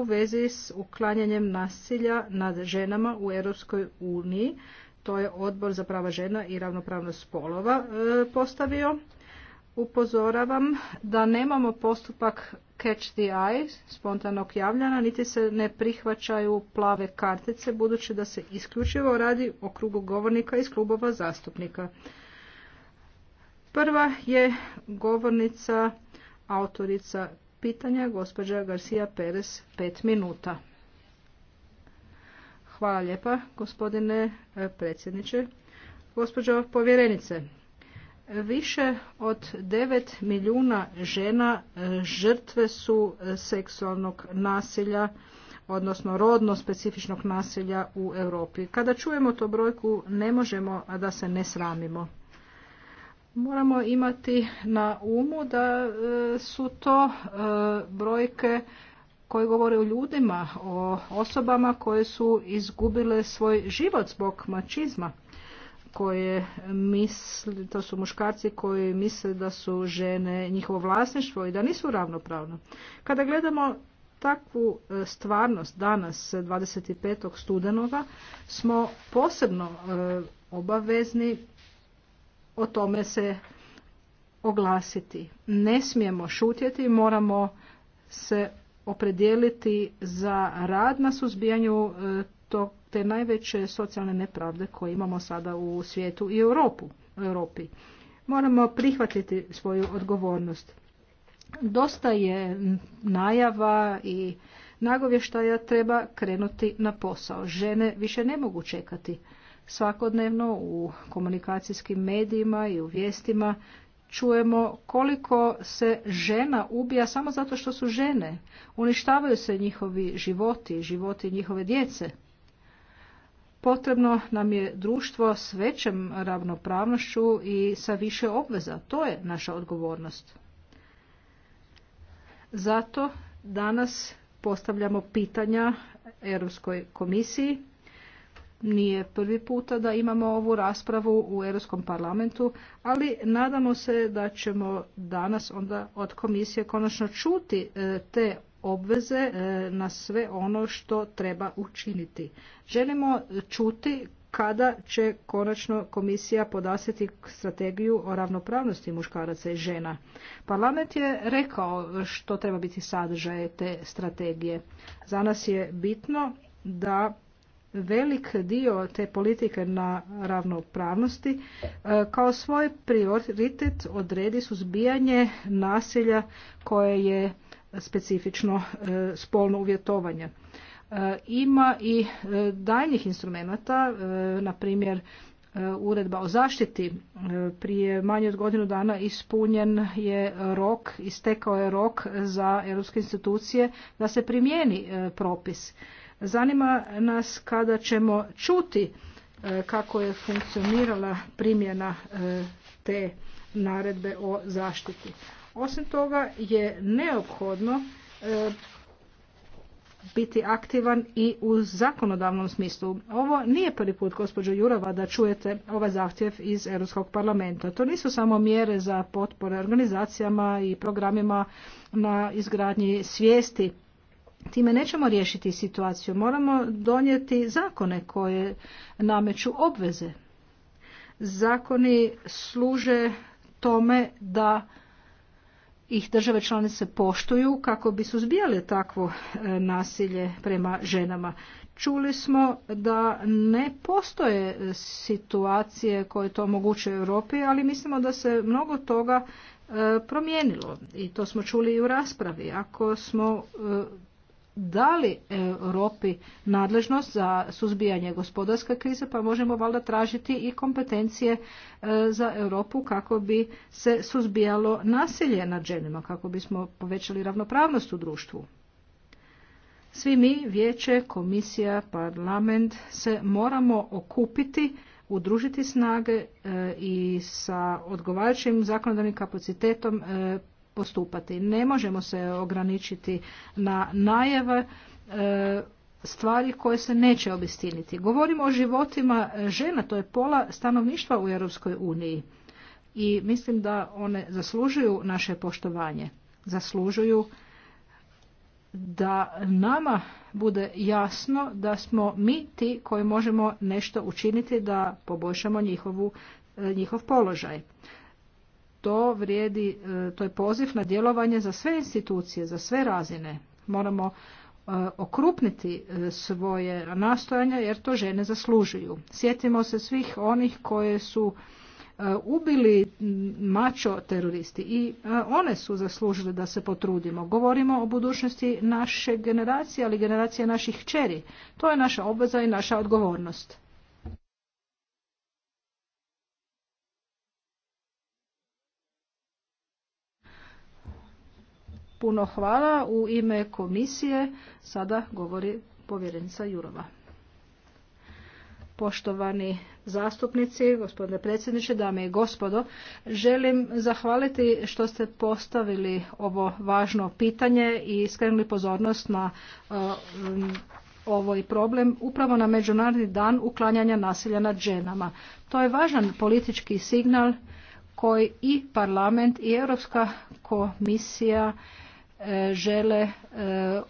u vezi s uklanjanjem nasilja nad ženama u Europskoj uniji. To je odbor za prava žena i ravnopravnost spolova e, postavio. Upozoravam da nemamo postupak catch the eye, spontanog javljana, niti se ne prihvaćaju plave kartice, budući da se isključivo radi o krugu govornika iz klubova zastupnika. Prva je govornica autorica pitanja, gospođa Garcia Perez, pet minuta. Hvala lijepa, gospodine e, predsjedniče. Gospođo povjerenice, više od 9 milijuna žena e, žrtve su e, seksualnog nasilja, odnosno rodno specifičnog nasilja u Europi. Kada čujemo to brojku, ne možemo da se ne sramimo. Moramo imati na umu da e, su to e, brojke koje govore o ljudima, o osobama koje su izgubile svoj život zbog mačizma. Koje misli, to su muškarci koji misle da su žene njihovo vlasništvo i da nisu ravnopravno. Kada gledamo takvu e, stvarnost danas 25. studenoga smo posebno obavezni o tome se oglasiti. Ne smijemo šutjeti, moramo se opredijeliti za rad na suzbijanju e, te najveće socijalne nepravde koje imamo sada u svijetu i Europu, Europi. Moramo prihvatiti svoju odgovornost. Dosta je najava i nagovještaja treba krenuti na posao. Žene više ne mogu čekati svakodnevno u komunikacijskim medijima i u vijestima čujemo koliko se žena ubija samo zato što su žene. Uništavaju se njihovi životi, životi njihove djece. Potrebno nam je društvo s većem ravnopravnošću i sa više obveza. To je naša odgovornost. Zato danas postavljamo pitanja Europskoj komisiji nije prvi puta da imamo ovu raspravu u Europskom parlamentu, ali nadamo se da ćemo danas onda od komisije konačno čuti e, te obveze e, na sve ono što treba učiniti. Želimo čuti kada će konačno komisija podasiti strategiju o ravnopravnosti muškaraca i žena. Parlament je rekao što treba biti sadržaje te strategije. Za nas je bitno da velik dio te politike na ravnopravnosti e, kao svoj prioritet odredi suzbijanje nasilja koje je specifično e, spolno uvjetovanje. E, ima i daljnjih instrumenata, na primjer uredba o zaštiti. Prije manje od godinu dana ispunjen je rok, istekao je rok za europske institucije da se primijeni propis Zanima nas kada ćemo čuti e, kako je funkcionirala primjena e, te naredbe o zaštiti. Osim toga je neophodno e, biti aktivan i u zakonodavnom smislu. Ovo nije prvi put, gospođo Jurova, da čujete ovaj zahtjev iz Europskog parlamenta. To nisu samo mjere za potpore organizacijama i programima na izgradnji svijesti time nećemo riješiti situaciju. Moramo donijeti zakone koje nameću obveze. Zakoni služe tome da ih države članice poštuju kako bi suzbijale takvo e, nasilje prema ženama. Čuli smo da ne postoje situacije koje to u Europi, ali mislimo da se mnogo toga e, promijenilo i to smo čuli i u raspravi. Ako smo e, dali e, Europi nadležnost za suzbijanje gospodarske krize, pa možemo valjda tražiti i kompetencije e, za Europu kako bi se suzbijalo nasilje nad ženima, kako bismo povećali ravnopravnost u društvu. Svi mi, vijeće, komisija, parlament se moramo okupiti, udružiti snage e, i sa odgovarajućim zakonodavnim kapacitetom postupati. Ne možemo se ograničiti na najave e, stvari koje se neće obistiniti. Govorimo o životima žena, to je pola stanovništva u Europskoj uniji i mislim da one zaslužuju naše poštovanje. Zaslužuju da nama bude jasno da smo mi ti koji možemo nešto učiniti da poboljšamo njihovu, e, njihov položaj to vrijedi, e, to je poziv na djelovanje za sve institucije, za sve razine. Moramo e, okrupniti e, svoje nastojanja jer to žene zaslužuju. Sjetimo se svih onih koje su ubili mačo teroristi i one su zaslužile da se potrudimo. Govorimo o budućnosti naše generacije, ali generacije naših čeri. To je naša obveza i naša odgovornost. Puno hvala. U ime komisije sada govori povjerenica Jurova. Poštovani zastupnici, gospodine predsjedniče, dame i gospodo, želim zahvaliti što ste postavili ovo važno pitanje i skrenuli pozornost na e, ovaj problem upravo na Međunarodni dan uklanjanja nasilja nad ženama. To je važan politički signal koji i parlament i Europska komisija žele e,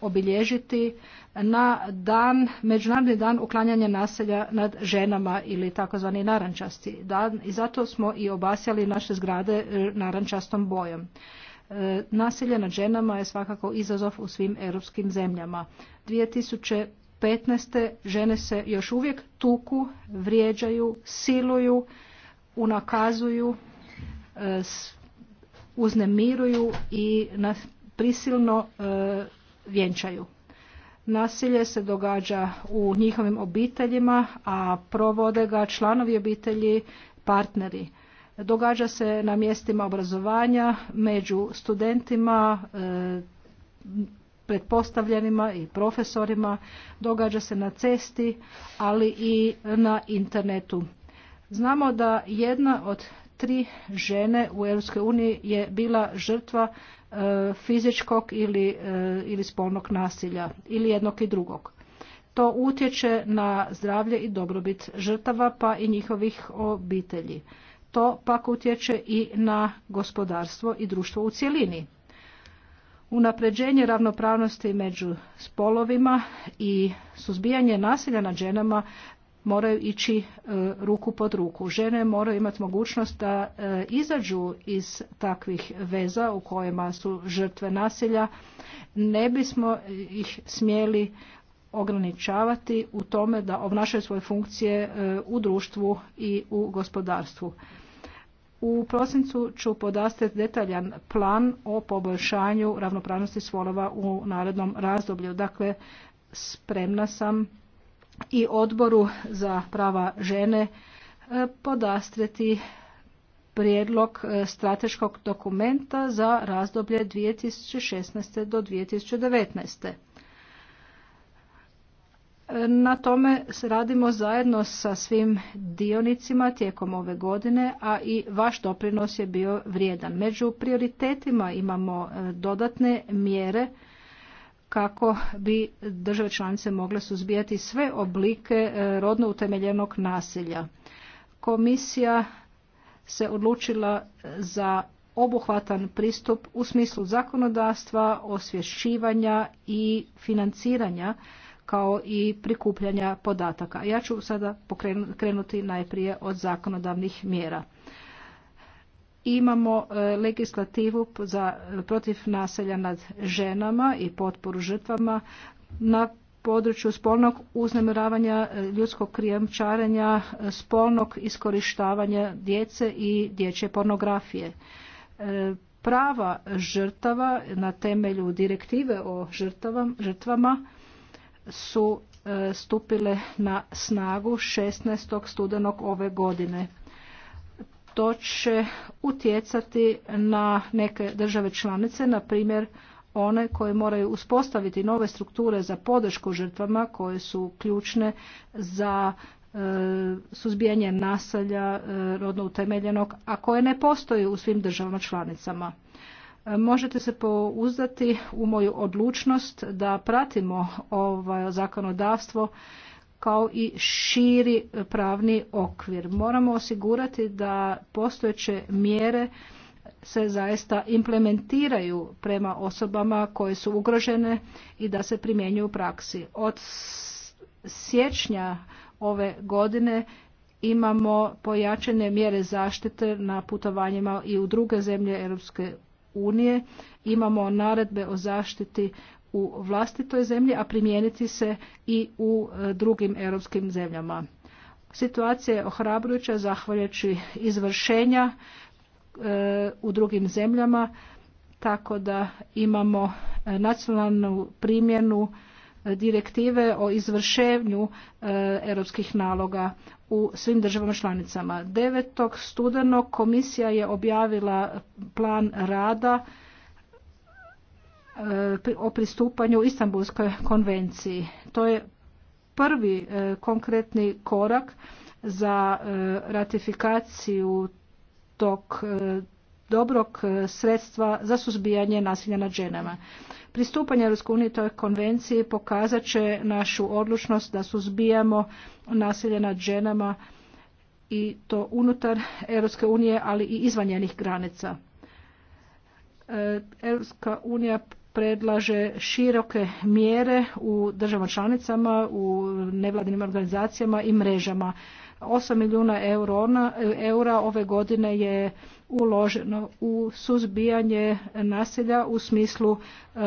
obilježiti na dan, Međunarodni dan uklanjanja naselja nad ženama ili takozvani narančasti dan i zato smo i obasjali naše zgrade e, narančastom bojom. E, nasilje nad ženama je svakako izazov u svim europskim zemljama. 2015. žene se još uvijek tuku, vrijeđaju, siluju, unakazuju, uznemiruju i prisilno e, vjenčaju. Nasilje se događa u njihovim obiteljima, a provode ga članovi obitelji, partneri. Događa se na mjestima obrazovanja, među studentima, e, pretpostavljenima i profesorima, događa se na cesti, ali i na internetu. Znamo da jedna od tri žene u EU je bila žrtva e, fizičkog ili, e, ili spolnog nasilja ili jednog i drugog. To utječe na zdravlje i dobrobit žrtava pa i njihovih obitelji. To pak utječe i na gospodarstvo i društvo u cjelini. Unapređenje ravnopravnosti među spolovima i suzbijanje nasilja nad ženama moraju ići e, ruku pod ruku. Žene moraju imati mogućnost da e, izađu iz takvih veza u kojima su žrtve nasilja. Ne bismo ih smjeli ograničavati u tome da obnašaju svoje funkcije e, u društvu i u gospodarstvu. U prosincu ću podastati detaljan plan o poboljšanju ravnopravnosti svolova u narednom razdoblju. Dakle, spremna sam i odboru za prava žene e, podastreti prijedlog e, strateškog dokumenta za razdoblje 2016. do 2019. E, na tome radimo zajedno sa svim dionicima tijekom ove godine, a i vaš doprinos je bio vrijedan. Među prioritetima imamo dodatne mjere kako bi države članice mogle suzbijati sve oblike e, rodno utemeljenog nasilja. Komisija se odlučila za obuhvatan pristup u smislu zakonodavstva, osvješćivanja i financiranja kao i prikupljanja podataka. Ja ću sada krenuti najprije od zakonodavnih mjera imamo e, legislativu za, e, protiv naselja nad ženama i potporu žrtvama na području spolnog uznemiravanja, e, ljudskog krijemčarenja, spolnog iskorištavanja djece i dječje pornografije. Prava žrtava na temelju direktive o žrtvama su stupile na snagu 16. studenog ove godine što će utjecati na neke države članice, na primjer one koje moraju uspostaviti nove strukture za podršku žrtvama koje su ključne za e, suzbijanje nasilja e, rodno utemeljenog, a koje ne postoje u svim državama članicama. E, možete se pouzdati u moju odlučnost da pratimo ovo zakonodavstvo kao i širi pravni okvir. Moramo osigurati da postojeće mjere se zaista implementiraju prema osobama koje su ugrožene i da se primjenjuju u praksi. Od siječnja ove godine imamo pojačane mjere zaštite na putovanjima i u druge zemlje Europske unije. Imamo naredbe o zaštiti u vlastitoj zemlji, a primijeniti se i u e, drugim europskim zemljama. Situacija je ohrabrujuća zahvaljujući izvršenja e, u drugim zemljama, tako da imamo e, nacionalnu primjenu direktive o izvršenju europskih naloga u svim državama članicama. 9. studenog komisija je objavila plan rada o pristupanju Istanbulskoj konvenciji. To je prvi e, konkretni korak za e, ratifikaciju tog e, dobrog sredstva za suzbijanje nasilja nad ženama. Pristupanje EU toj konvenciji pokazat će našu odlučnost da suzbijamo nasilje nad ženama i to unutar Europske unije, ali i izvan njenih granica. Europska unija predlaže široke mjere u državama članicama, u nevladinim organizacijama i mrežama. 8 milijuna eura ove godine je uloženo u suzbijanje nasilja u smislu e,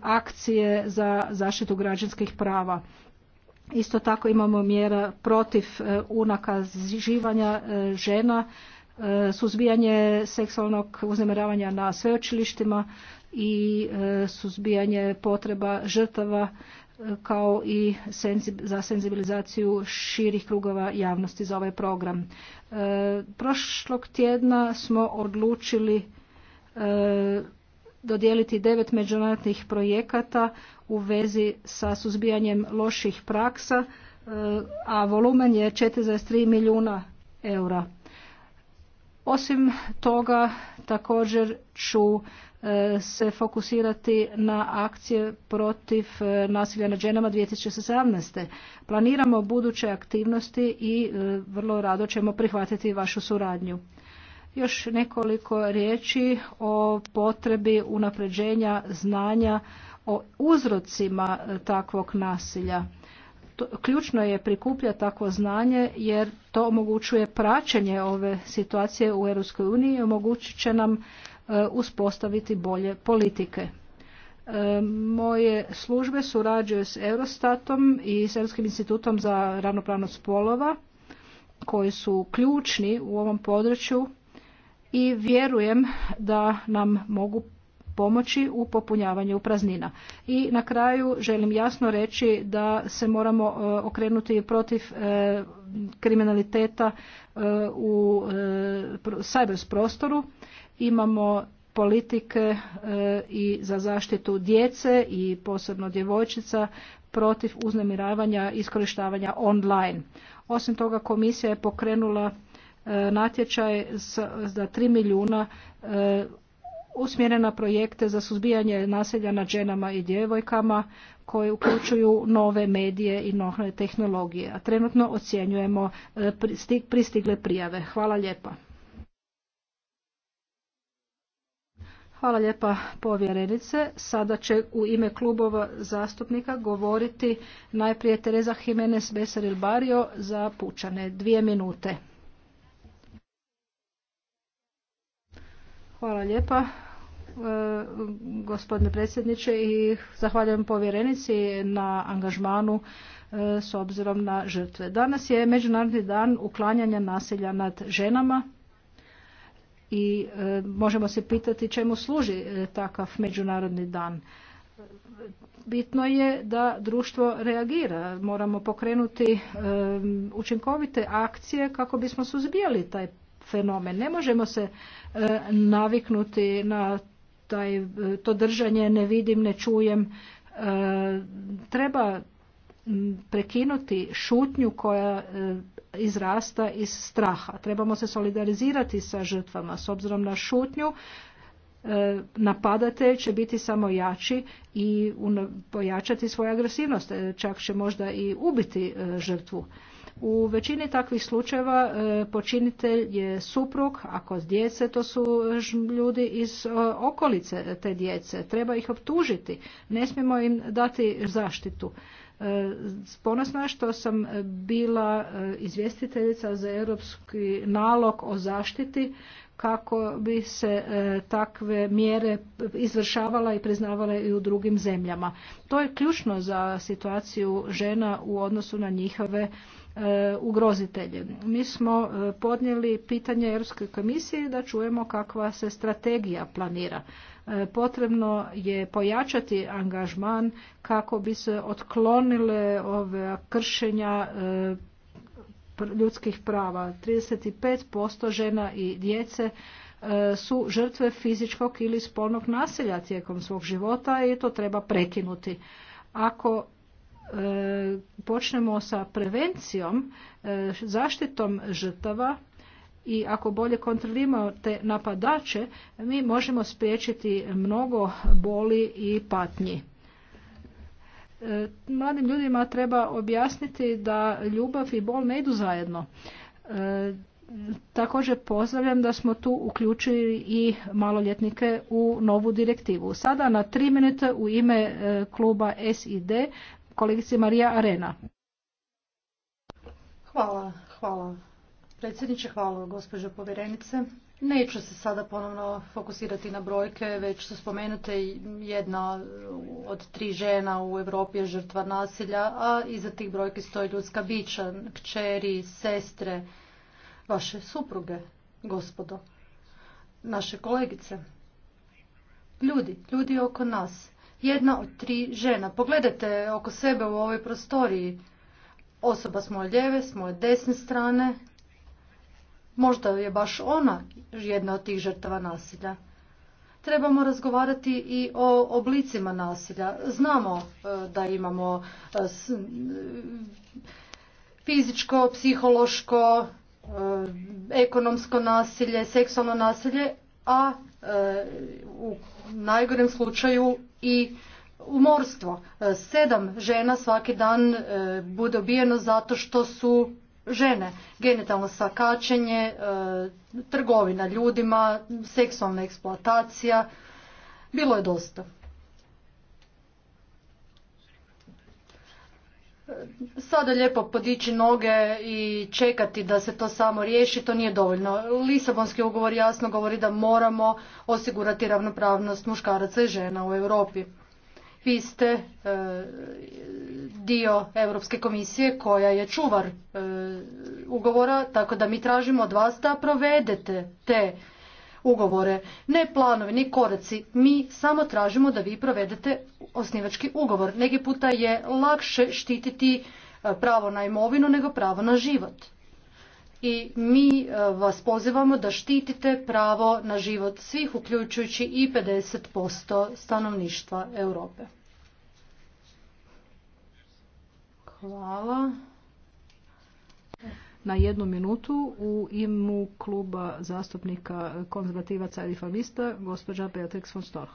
akcije za zaštitu građanskih prava. Isto tako imamo mjera protiv e, unakaživanja e, žena, suzbijanje seksualnog uznemiravanja na sveočilištima i e, suzbijanje potreba žrtava e, kao i za senzibilizaciju širih krugova javnosti za ovaj program. E, prošlog tjedna smo odlučili dodijeliti devet međunarodnih projekata u vezi sa suzbijanjem loših praksa, a volumen je 4,3 milijuna eura. Osim toga, također ću E, se fokusirati na akcije protiv e, nasilja nad ženama 2017. Planiramo buduće aktivnosti i e, vrlo rado ćemo prihvatiti vašu suradnju. Još nekoliko riječi o potrebi unapređenja znanja o uzrocima takvog nasilja. ključno je prikuplja takvo znanje jer to omogućuje praćenje ove situacije u EU i omogućit će nam Eh, uspostaviti bolje politike. Eh, moje službe surađuju s Eurostatom i s Europskim institutom za ravnopravnost spolova koji su ključni u ovom području i vjerujem da nam mogu pomoći u popunjavanju praznina. I na kraju želim jasno reći da se moramo eh, okrenuti protiv kriminaliteta u cyber prostoru imamo politike e, i za zaštitu djece i posebno djevojčica protiv uznemiravanja i iskorištavanja online. Osim toga komisija je pokrenula e, natječaj za 3 milijuna e, usmjerena projekte za suzbijanje nasilja nad ženama i djevojkama koje uključuju nove medije i nove tehnologije. A trenutno ocjenjujemo pristigle prijave. Hvala lijepa. Hvala lijepa povjerenice. Sada će u ime klubova zastupnika govoriti najprije Teresa Jimenez Beseril Barrio za pučane. Dvije minute. Hvala lijepa e, gospodine predsjedniče i zahvaljujem povjerenici na angažmanu e, s obzirom na žrtve. Danas je Međunarodni dan uklanjanja nasilja nad ženama i e, možemo se pitati čemu služi e, takav međunarodni dan. Bitno je da društvo reagira. Moramo pokrenuti e, učinkovite akcije kako bismo suzbijali taj fenomen. Ne možemo se naviknuti na taj, to držanje ne vidim, ne čujem. Treba prekinuti šutnju koja izrasta iz straha. Trebamo se solidarizirati sa žrtvama s obzirom na šutnju e, napadatelj će biti samo jači i pojačati svoju agresivnost, e, čak će možda i ubiti e, žrtvu. U većini takvih slučajeva počinitelj je suprug, ako djece to su ljudi iz okolice te djece, treba ih optužiti, ne smijemo im dati zaštitu. E, ponosna što sam bila e, izvjestiteljica za europski nalog o zaštiti kako bi se e, takve mjere izvršavala i priznavale i u drugim zemljama. To je ključno za situaciju žena u odnosu na njihove E, ugrozitelje. Mi smo e, podnijeli pitanje Europskoj komisiji da čujemo kakva se strategija planira. E, potrebno je pojačati angažman kako bi se otklonile ove kršenja ljudskih prava. 35% žena i djece su žrtve fizičkog ili spolnog nasilja tijekom svog života i to treba prekinuti. Ako E, počnemo sa prevencijom, e, zaštitom žrtava i ako bolje kontroliramo te napadače, mi možemo spriječiti mnogo boli i patnji. E, mladim ljudima treba objasniti da ljubav i bol ne idu zajedno. Također pozdravljam da smo tu uključili i maloljetnike u novu direktivu. Sada na tri minute u ime kluba SID kolegice Marija Arena. Hvala, hvala. Predsjedniče, hvala gospođo povjerenice. Neću se sada ponovno fokusirati na brojke, već su spomenute jedna od tri žena u Europi je žrtva nasilja, a iza tih brojki stoji ljudska bića, kćeri, sestre, vaše supruge, gospodo, naše kolegice. Ljudi, ljudi oko nas jedna od tri žena. Pogledajte oko sebe u ovoj prostoriji. Osoba smo moje ljeve, s moje desne strane. Možda je baš ona jedna od tih žrtava nasilja. Trebamo razgovarati i o oblicima nasilja. Znamo e, da imamo e, fizičko, psihološko, e, ekonomsko nasilje, seksualno nasilje, a u najgorem slučaju i umorstvo. E, sedam žena svaki dan e, bude ubijeno zato što su žene. Genitalno sakačenje, e, trgovina ljudima, seksualna eksploatacija, bilo je dosta. sada lijepo podići noge i čekati da se to samo riješi, to nije dovoljno. Lisabonski ugovor jasno govori da moramo osigurati ravnopravnost muškaraca i žena u Europi. Vi ste e, dio Europske komisije koja je čuvar e, ugovora, tako da mi tražimo od vas da provedete te ugovore. Ne planovi, ni koraci, mi samo tražimo da vi provedete osnivački ugovor. Neki puta je lakše štititi e, pravo na imovinu nego pravo na život. I mi e, vas pozivamo da štitite pravo na život svih, uključujući i 50% stanovništva Europe. Hvala. Na jednu minutu u imu kluba zastupnika konzervativaca i reformista gospođa Beatrix von Storch.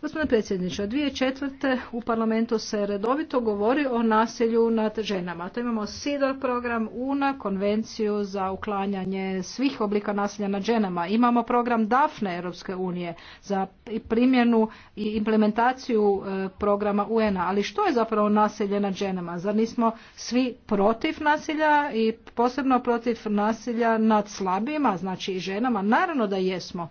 Gospodine predsjedniče, od četvrte u parlamentu se redovito govori o nasilju nad ženama. To imamo SIDOR program, UNA, konvenciju za uklanjanje svih oblika nasilja nad ženama. Imamo program DAFNE Europske unije za primjenu i implementaciju e, programa UNA. Ali što je zapravo nasilje nad ženama? Zar nismo svi protiv nasilja i posebno protiv nasilja nad slabijima, znači i ženama? Naravno da jesmo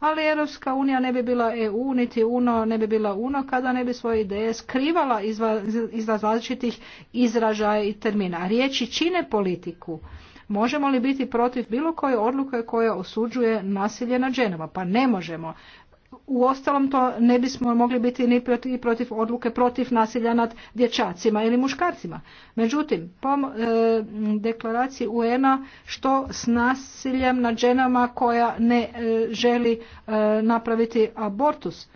ali Europska unija ne bi bila EU, niti UNO ne bi bila UNO kada ne bi svoje ideje skrivala iz različitih izražaja i termina. Riječi čine politiku. Možemo li biti protiv bilo koje odluke koja osuđuje nasilje nad ženama? Pa ne možemo. Uostalom to ne bismo mogli biti ni protiv, odluke protiv nasilja nad dječacima ili muškarcima. Međutim, po e, deklaraciji UN-a što s nasiljem nad ženama koja ne e, želi e, napraviti abortus.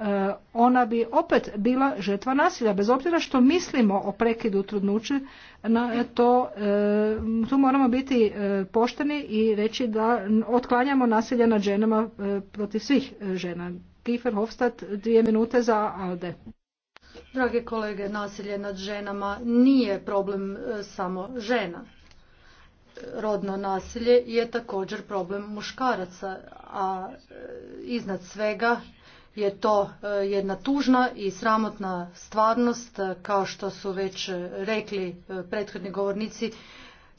E, ona bi opet bila žetva nasilja. Bez obzira što mislimo o prekidu trudnuće, na to, e, tu moramo biti e, pošteni i reći da otklanjamo nasilje nad ženama protiv svih žena. Kiefer Hofstad, dvije minute za Alde. Drage kolege, nasilje nad ženama nije problem samo žena. Rodno nasilje je također problem muškaraca, a iznad svega je to e, jedna tužna i sramotna stvarnost, e, kao što su već e, rekli prethodni govornici,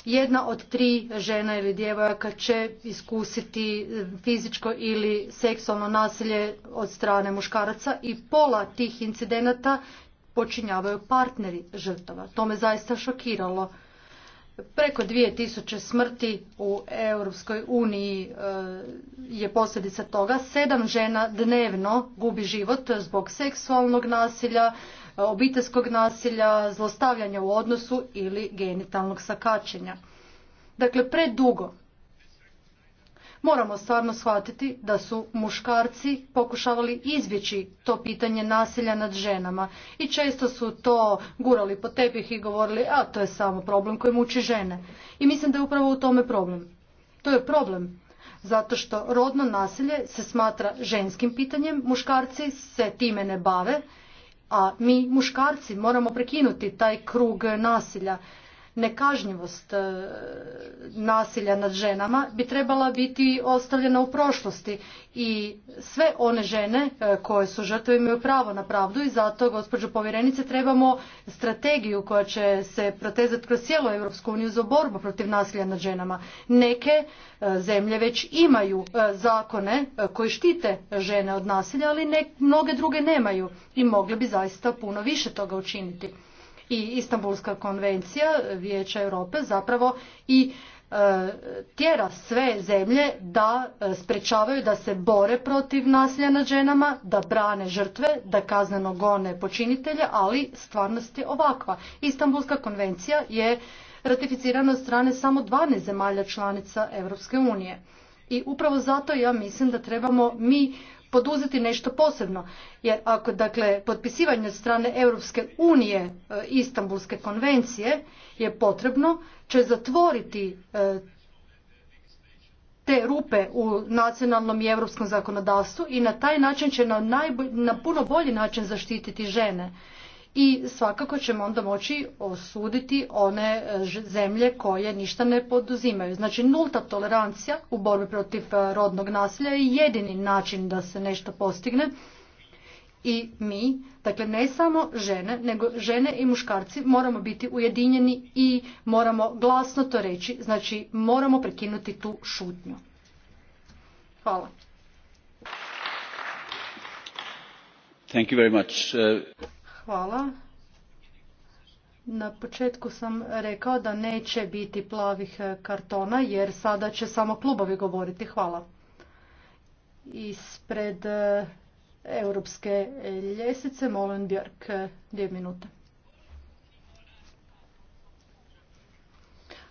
jedna od tri žena ili djevojaka će iskusiti fizičko ili seksualno nasilje od strane muškaraca i pola tih incidenata počinjavaju partneri žrtava. To me zaista šokiralo. Preko tisuće smrti u Europskoj uniji e, je posljedica toga. Sedam žena dnevno gubi život zbog seksualnog nasilja, obiteljskog nasilja, zlostavljanja u odnosu ili genitalnog sakačenja. Dakle, predugo Moramo stvarno shvatiti da su muškarci pokušavali izbjeći to pitanje nasilja nad ženama i često su to gurali po tepih i govorili a to je samo problem koji muči žene. I mislim da je upravo u tome problem. To je problem zato što rodno nasilje se smatra ženskim pitanjem, muškarci se time ne bave, a mi muškarci moramo prekinuti taj krug nasilja nekažnjivost e, nasilja nad ženama bi trebala biti ostavljena u prošlosti i sve one žene e, koje su žrtve imaju pravo na pravdu i zato gospođo povjerenice trebamo strategiju koja će se protezati kroz cijelu Europsku uniju za borbu protiv nasilja nad ženama. Neke e, zemlje već imaju zakone koji štite žene od nasilja, ali mnoge druge nemaju i mogle bi zaista puno više toga učiniti i Istanbulska konvencija Vijeća Europe zapravo i e, tjera sve zemlje da e, sprečavaju da se bore protiv nasilja nad ženama, da brane žrtve, da kazneno gone počinitelje, ali stvarnost je ovakva. Istanbulska konvencija je ratificirana od strane samo 12 zemalja članica Europske unije. I upravo zato ja mislim da trebamo mi poduzeti nešto posebno. Jer ako dakle potpisivanje strane Europske unije e, Istanbulske konvencije je potrebno, će zatvoriti e, te rupe u nacionalnom i europskom zakonodavstvu i na taj način će na, na puno bolji način zaštititi žene i svakako ćemo onda moći osuditi one e, zemlje koje ništa ne poduzimaju. Znači nulta tolerancija u borbi protiv e, rodnog nasilja je jedini način da se nešto postigne i mi, dakle ne samo žene, nego žene i muškarci moramo biti ujedinjeni i moramo glasno to reći, znači moramo prekinuti tu šutnju. Hvala. Thank you very much. Uh, Hvala. Na početku sam rekao da neće biti plavih e, kartona jer sada će samo klubovi govoriti. Hvala. Ispred e, europske ljesice molim Björk e, dvije minute.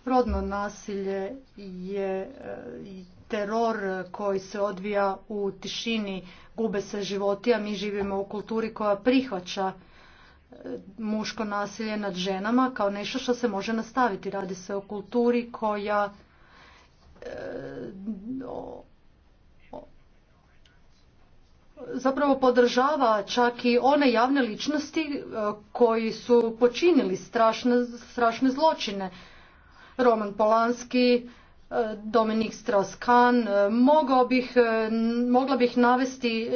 Rodno nasilje je teror koji se odvija u tišini, gube se životi, a mi živimo u kulturi koja prihvaća muško nasilje nad ženama kao nešto što se može nastaviti. Radi se o kulturi koja e, zapravo podržava čak i one javne ličnosti e, koji su počinili strašne, strašne zločine. Roman Polanski, e, Dominik Strauss-Kahn, bih, mogla bih navesti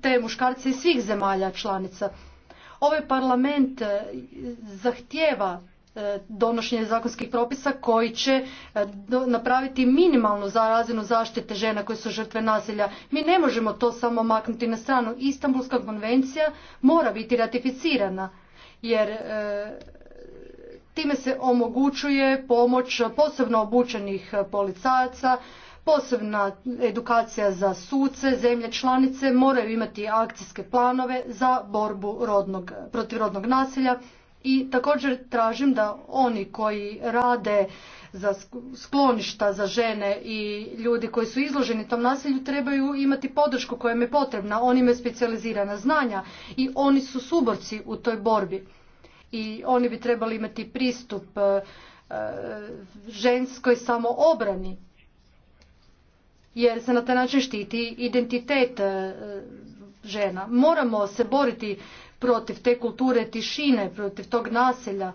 te muškarce iz svih zemalja članica. Ovaj parlament e, zahtjeva e, donošenje zakonskih propisa koji će e, napraviti minimalnu razinu zaštite žena koje su žrtve nasilja. Mi ne možemo to samo maknuti na stranu. Istanbulska konvencija mora biti ratificirana jer time se omogućuje pomoć posebno obučenih policajaca, posebna edukacija za suce, zemlje članice moraju imati akcijske planove za borbu rodnog, protiv rodnog nasilja i također tražim da oni koji rade za skloništa za žene i ljudi koji su izloženi tom nasilju trebaju imati podršku koja im je potrebna. Oni imaju specijalizirana znanja i oni su suborci u toj borbi. I oni bi trebali imati pristup eh, eh, ženskoj samoobrani jer se na taj način štiti identitet e, žena. Moramo se boriti protiv te kulture tišine, protiv tog nasilja.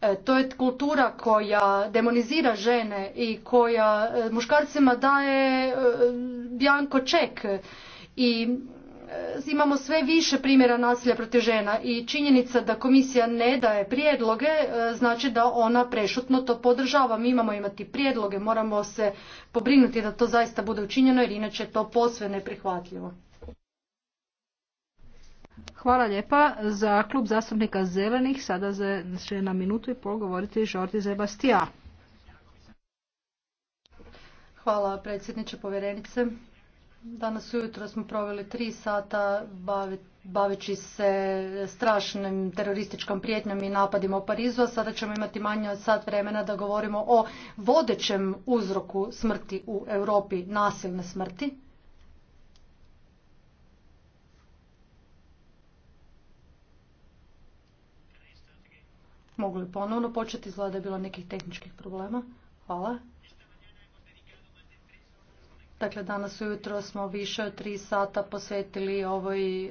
E, to je kultura koja demonizira žene i koja e, muškarcima daje bjanko ček i E, imamo sve više primjera nasilja protiv žena i činjenica da komisija ne daje prijedloge e, znači da ona prešutno to podržava. Mi imamo imati prijedloge, moramo se pobrinuti da to zaista bude učinjeno jer inače je to posve neprihvatljivo. Hvala lijepa. Za klub zastupnika Zelenih sada će na minutu i pol govoriti Žordi Zebastija. Hvala predsjedniče povjerenice. Danas ujutro smo proveli tri sata baveći se strašnim terorističkom prijetnjom i napadima u Parizu, a sada ćemo imati manje od sat vremena da govorimo o vodećem uzroku smrti u Europi, nasilne smrti. Mogu li ponovno početi? Izgleda da je bilo nekih tehničkih problema. Hvala. Dakle, danas ujutro smo više od tri sata posvetili ovoj e,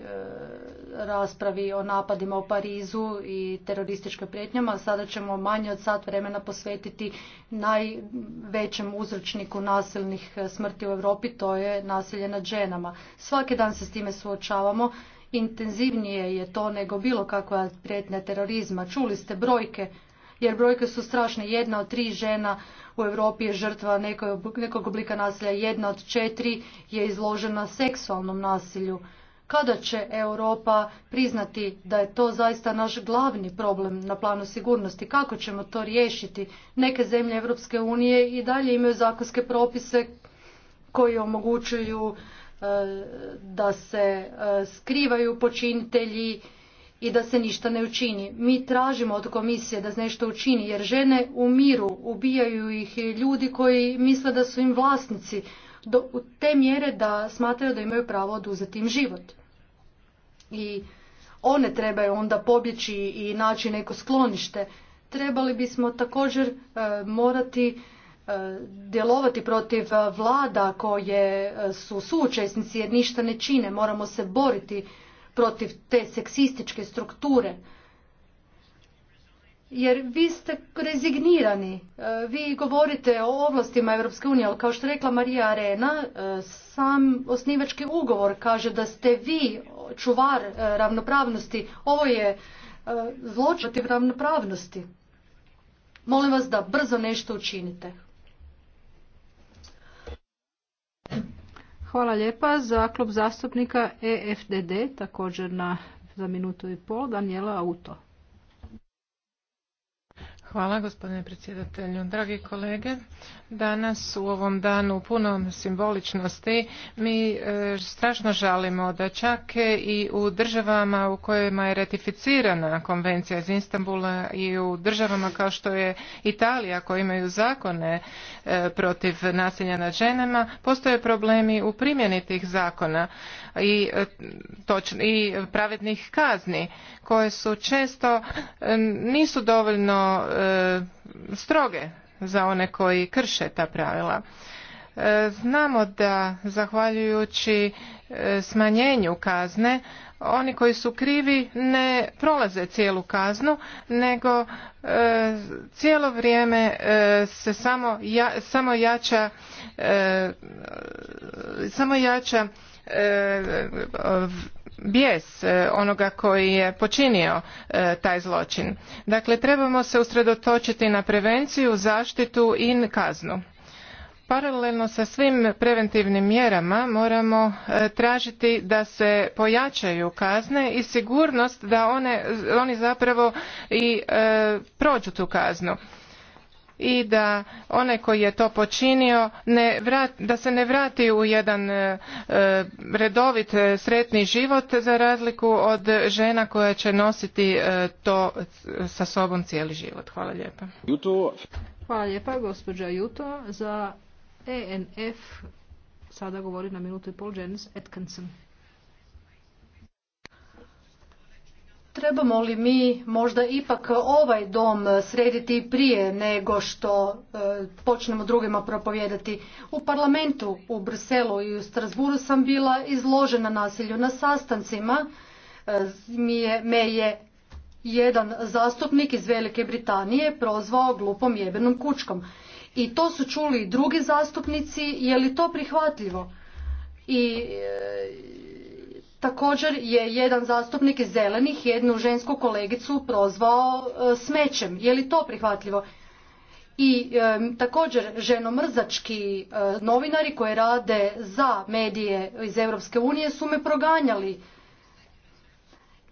raspravi o napadima u Parizu i terorističkoj prijetnjama. Sada ćemo manje od sat vremena posvetiti najvećem uzročniku nasilnih smrti u Europi, to je nasilje nad ženama. Svaki dan se s time suočavamo. Intenzivnije je to nego bilo kakva prijetnja terorizma. Čuli ste brojke jer brojke su strašne. Jedna od tri žena u Europi je žrtva nekog, oblika nasilja, jedna od četiri je izložena seksualnom nasilju. Kada će Europa priznati da je to zaista naš glavni problem na planu sigurnosti? Kako ćemo to riješiti? Neke zemlje Europske unije i dalje imaju zakonske propise koji omogućuju eh, da se eh, skrivaju počinitelji i da se ništa ne učini. Mi tražimo od komisije da nešto učini jer žene umiru, ubijaju ih ljudi koji misle da su im vlasnici do te mjere da smatraju da imaju pravo oduzeti im život. I one trebaju onda pobjeći i naći neko sklonište. Trebali bismo također e, morati e, djelovati protiv vlada koje e, su suučesnici jer ništa ne čine. Moramo se boriti protiv te seksističke strukture. Jer vi ste rezignirani, e, vi govorite o ovlastima Europske unije, ali kao što rekla Marija Arena, e, sam osnivački ugovor kaže da ste vi čuvar e, ravnopravnosti, ovo je zločin ravnopravnosti. Molim vas da brzo nešto učinite. Hvala lijepa za klub zastupnika EFDD, također na, za minutu i pol, Daniela Auto. Hvala gospodine predsjedatelju. Dragi kolege, danas u ovom danu punom simboličnosti mi e, strašno žalimo da čak e, i u državama u kojima je ratificirana konvencija iz Istanbula i u državama kao što je Italija koje imaju zakone e, protiv nasilja nad ženama, postoje problemi u primjeni tih zakona i, e, i pravednih kazni koje su često e, nisu dovoljno e, stroge za one koji krše ta pravila. Znamo da zahvaljujući smanjenju kazne oni koji su krivi ne prolaze cijelu kaznu nego cijelo vrijeme se samo, ja, samo jača samo jača E, bijes e, onoga koji je počinio e, taj zločin. Dakle, trebamo se usredotočiti na prevenciju, zaštitu i kaznu. Paralelno sa svim preventivnim mjerama moramo tražiti da se pojačaju kazne i sigurnost da oni zapravo i prođu tu kaznu i da onaj koji je to počinio da se ne vrati u jedan e, e, redovit e, sretni život za razliku od žena koja će nositi to sa sobom cijeli život. Hvala lijepa. Hvala lijepa gospođa Juto za ENF. Sada govori na minutu i pol Janice Atkinson. Trebamo li mi možda ipak ovaj dom srediti prije nego što e, počnemo drugima propovijedati? U parlamentu u Briselu i u Strasburu sam bila izložena nasilju na sastancima. E, mi je, me je jedan zastupnik iz Velike Britanije prozvao glupom jebenom kučkom. I to su čuli i drugi zastupnici. Je li to prihvatljivo? I e, Također je jedan zastupnik iz zelenih jednu žensku kolegicu prozvao e, smećem. Je li to prihvatljivo? I e, također ženomrzački e, novinari koji rade za medije iz Europske unije su me proganjali.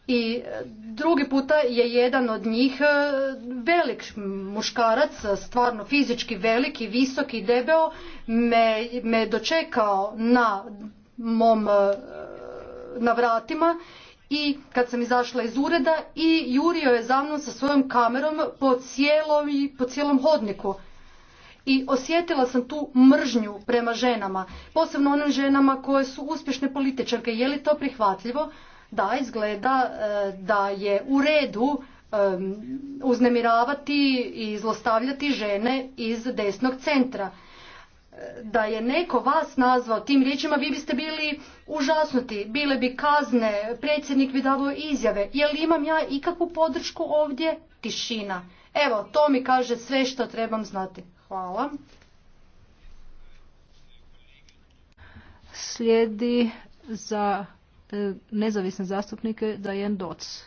I drugi puta je jedan od njih velik muškarac, stvarno fizički veliki, visoki, debeo, me, me dočekao na mom na vratima i kad sam izašla iz ureda i jurio je za mnom sa svojom kamerom po cijelom, po cijelom hodniku i osjetila sam tu mržnju prema ženama, posebno onim ženama koje su uspješne političarke. Je li to prihvatljivo? Da, izgleda e, da je u redu e, uznemiravati i zlostavljati žene iz desnog centra da je neko vas nazvao tim riječima, vi biste bili užasnuti, bile bi kazne, predsjednik bi davao izjave. Je imam ja ikakvu podršku ovdje? Tišina. Evo, to mi kaže sve što trebam znati. Hvala. Slijedi za e, nezavisne zastupnike Dajen Doc.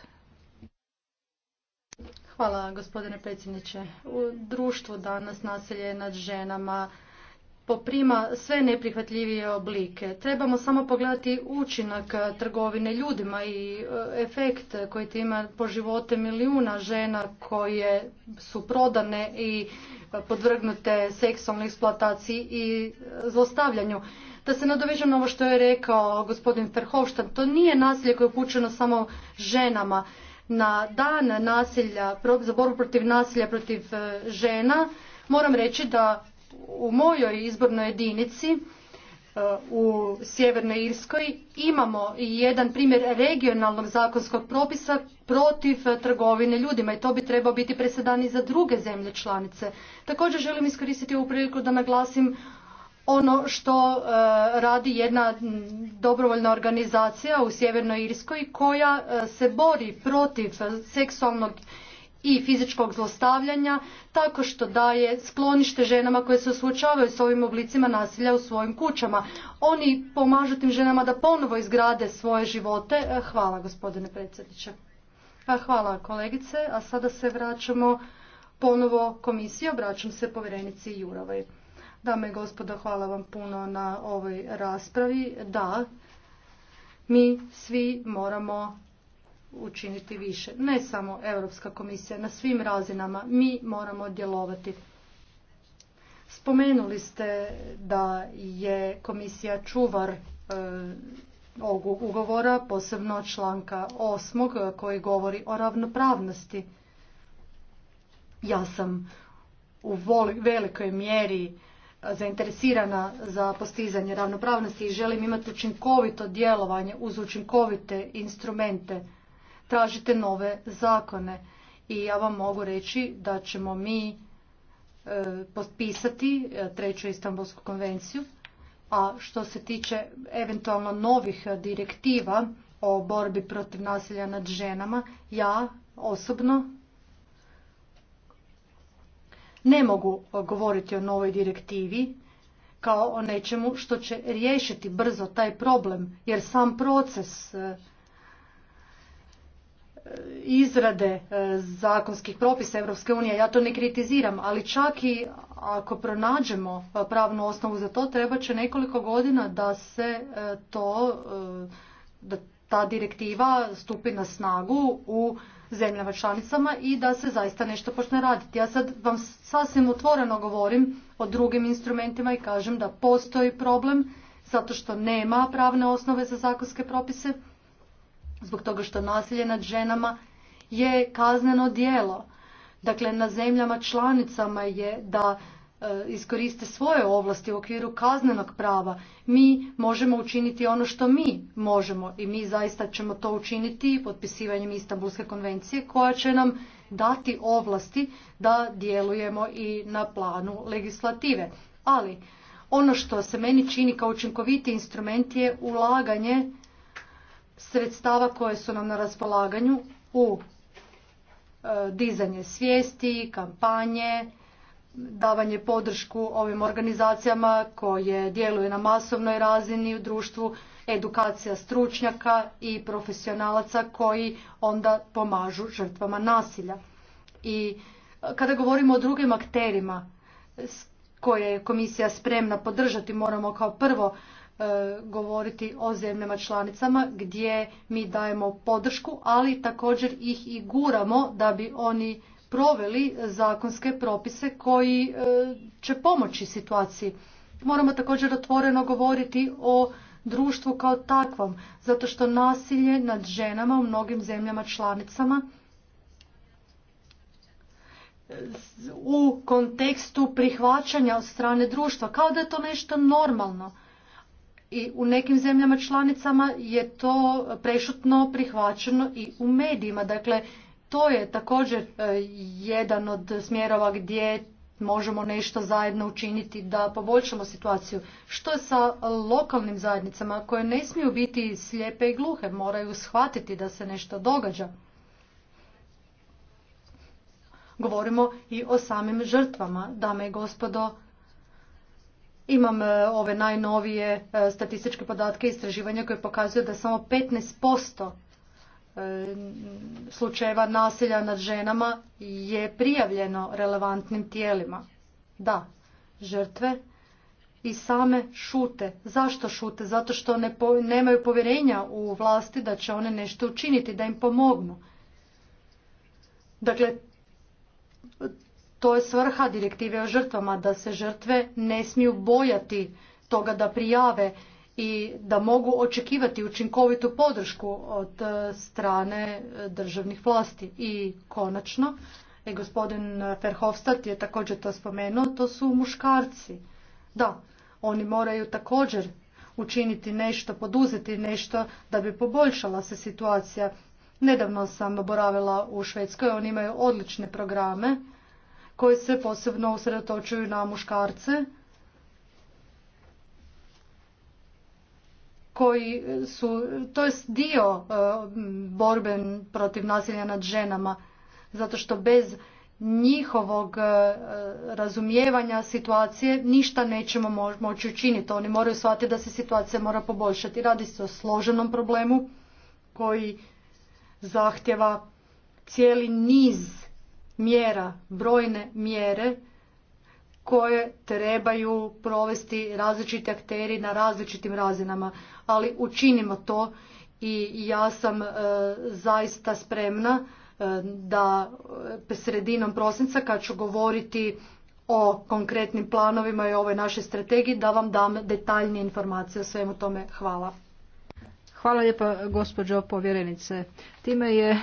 Hvala gospodine predsjedniče. U društvu danas nasilje nad ženama prima sve neprihvatljivije oblike. Trebamo samo pogledati učinak trgovine ljudima i e, efekt koji ima po živote milijuna žena koje su prodane i e, podvrgnute seksualnoj eksploataciji i e, zlostavljanju. Da se nadovežem na ovo što je rekao gospodin Ferhovštan, to nije nasilje koje je upućeno samo ženama. Na dan nasilja, za borbu protiv nasilja protiv žena, moram reći da u mojoj izbornoj jedinici e, u Sjevernoj Irskoj imamo i jedan primjer regionalnog zakonskog propisa protiv e, trgovine ljudima i to bi trebao biti presedan i za druge zemlje članice. Također želim iskoristiti ovu priliku da naglasim ono što e, radi jedna dobrovoljna organizacija u Sjevernoj Irskoj koja se bori protiv seksualnog i fizičkog zlostavljanja tako što daje sklonište ženama koje se suočavaju s ovim oblicima nasilja u svojim kućama. Oni pomažu tim ženama da ponovo izgrade svoje živote. E, hvala gospodine predsjedniče. E, hvala kolegice. A sada se vraćamo ponovo komisiji. Obraćam se povjerenici Jurovoj. Dame i gospodo, hvala vam puno na ovoj raspravi. Da, mi svi moramo učiniti više. Ne samo Europska komisija, na svim razinama mi moramo djelovati. Spomenuli ste da je komisija čuvar e, ovog ugovora, posebno članka 8. E, koji govori o ravnopravnosti. Ja sam u velikoj mjeri e, zainteresirana za postizanje ravnopravnosti i želim imati učinkovito djelovanje uz učinkovite instrumente tražite nove zakone. I ja vam mogu reći da ćemo mi e, potpisati e, treću Istanbulsku konvenciju, a što se tiče eventualno novih direktiva o borbi protiv nasilja nad ženama, ja osobno ne mogu govoriti o novoj direktivi kao o nečemu što će riješiti brzo taj problem, jer sam proces e, izrade e, zakonskih propisa Europske unije, ja to ne kritiziram, ali čak i ako pronađemo e, pravnu osnovu za to, treba će nekoliko godina da se e, to, da ta direktiva stupi na snagu u zemljama članicama i da se zaista nešto počne raditi. Ja sad vam sasvim otvoreno govorim o drugim instrumentima i kažem da postoji problem zato što nema pravne osnove za zakonske propise zbog toga što nasilje nad ženama je kazneno djelo. Dakle, na zemljama članicama je da e, iskoriste svoje ovlasti u okviru kaznenog prava. Mi možemo učiniti ono što mi možemo i mi zaista ćemo to učiniti potpisivanjem Istanbulske konvencije koja će nam dati ovlasti da djelujemo i na planu legislative. Ali ono što se meni čini kao učinkoviti instrument je ulaganje sredstava koje su nam na raspolaganju u e, dizanje svijesti, kampanje, davanje podršku ovim organizacijama koje djeluju na masovnoj razini u društvu, edukacija stručnjaka i profesionalaca koji onda pomažu žrtvama nasilja. I e, kada govorimo o drugim akterima koje je komisija spremna podržati, moramo kao prvo E, govoriti o zemljama članicama gdje mi dajemo podršku, ali također ih i guramo da bi oni proveli zakonske propise koji e, će pomoći situaciji. Moramo također otvoreno govoriti o društvu kao takvom, zato što nasilje nad ženama u mnogim zemljama članicama e, u kontekstu prihvaćanja od strane društva, kao da je to nešto normalno i u nekim zemljama članicama je to prešutno prihvaćeno i u medijima. Dakle, to je također e, jedan od smjerova gdje možemo nešto zajedno učiniti da poboljšamo situaciju. Što je sa lokalnim zajednicama koje ne smiju biti slijepe i gluhe, moraju shvatiti da se nešto događa. Govorimo i o samim žrtvama, dame i gospodo, imam e, ove najnovije e, statističke podatke istraživanja koje pokazuju da samo 15% e, slučajeva nasilja nad ženama je prijavljeno relevantnim tijelima. Da, žrtve i same šute. Zašto šute? Zato što ne nemaju povjerenja u vlasti da će one nešto učiniti, da im pomognu. Dakle, to je svrha direktive o žrtvama, da se žrtve ne smiju bojati toga da prijave i da mogu očekivati učinkovitu podršku od e, strane e, državnih vlasti. I konačno, i e, gospodin Ferhofstadt je također to spomenuo, to su muškarci. Da, oni moraju također učiniti nešto, poduzeti nešto da bi poboljšala se situacija. Nedavno sam boravila u Švedskoj, oni imaju odlične programe koji se posebno usredotočuju na muškarce koji su, to je dio e, borbe protiv nasilja nad ženama, zato što bez njihovog e, razumijevanja situacije ništa nećemo moći učiniti. Oni moraju shvatiti da se situacija mora poboljšati. Radi se o složenom problemu koji zahtjeva cijeli niz mjera, brojne mjere koje trebaju provesti različiti akteri na različitim razinama. Ali učinimo to i ja sam e, zaista spremna e, da e, sredinom prosinca kad ću govoriti o konkretnim planovima i ovoj našoj strategiji da vam dam detaljnije informacije o svemu tome. Hvala. Hvala lijepa gospođo povjerenice. Time je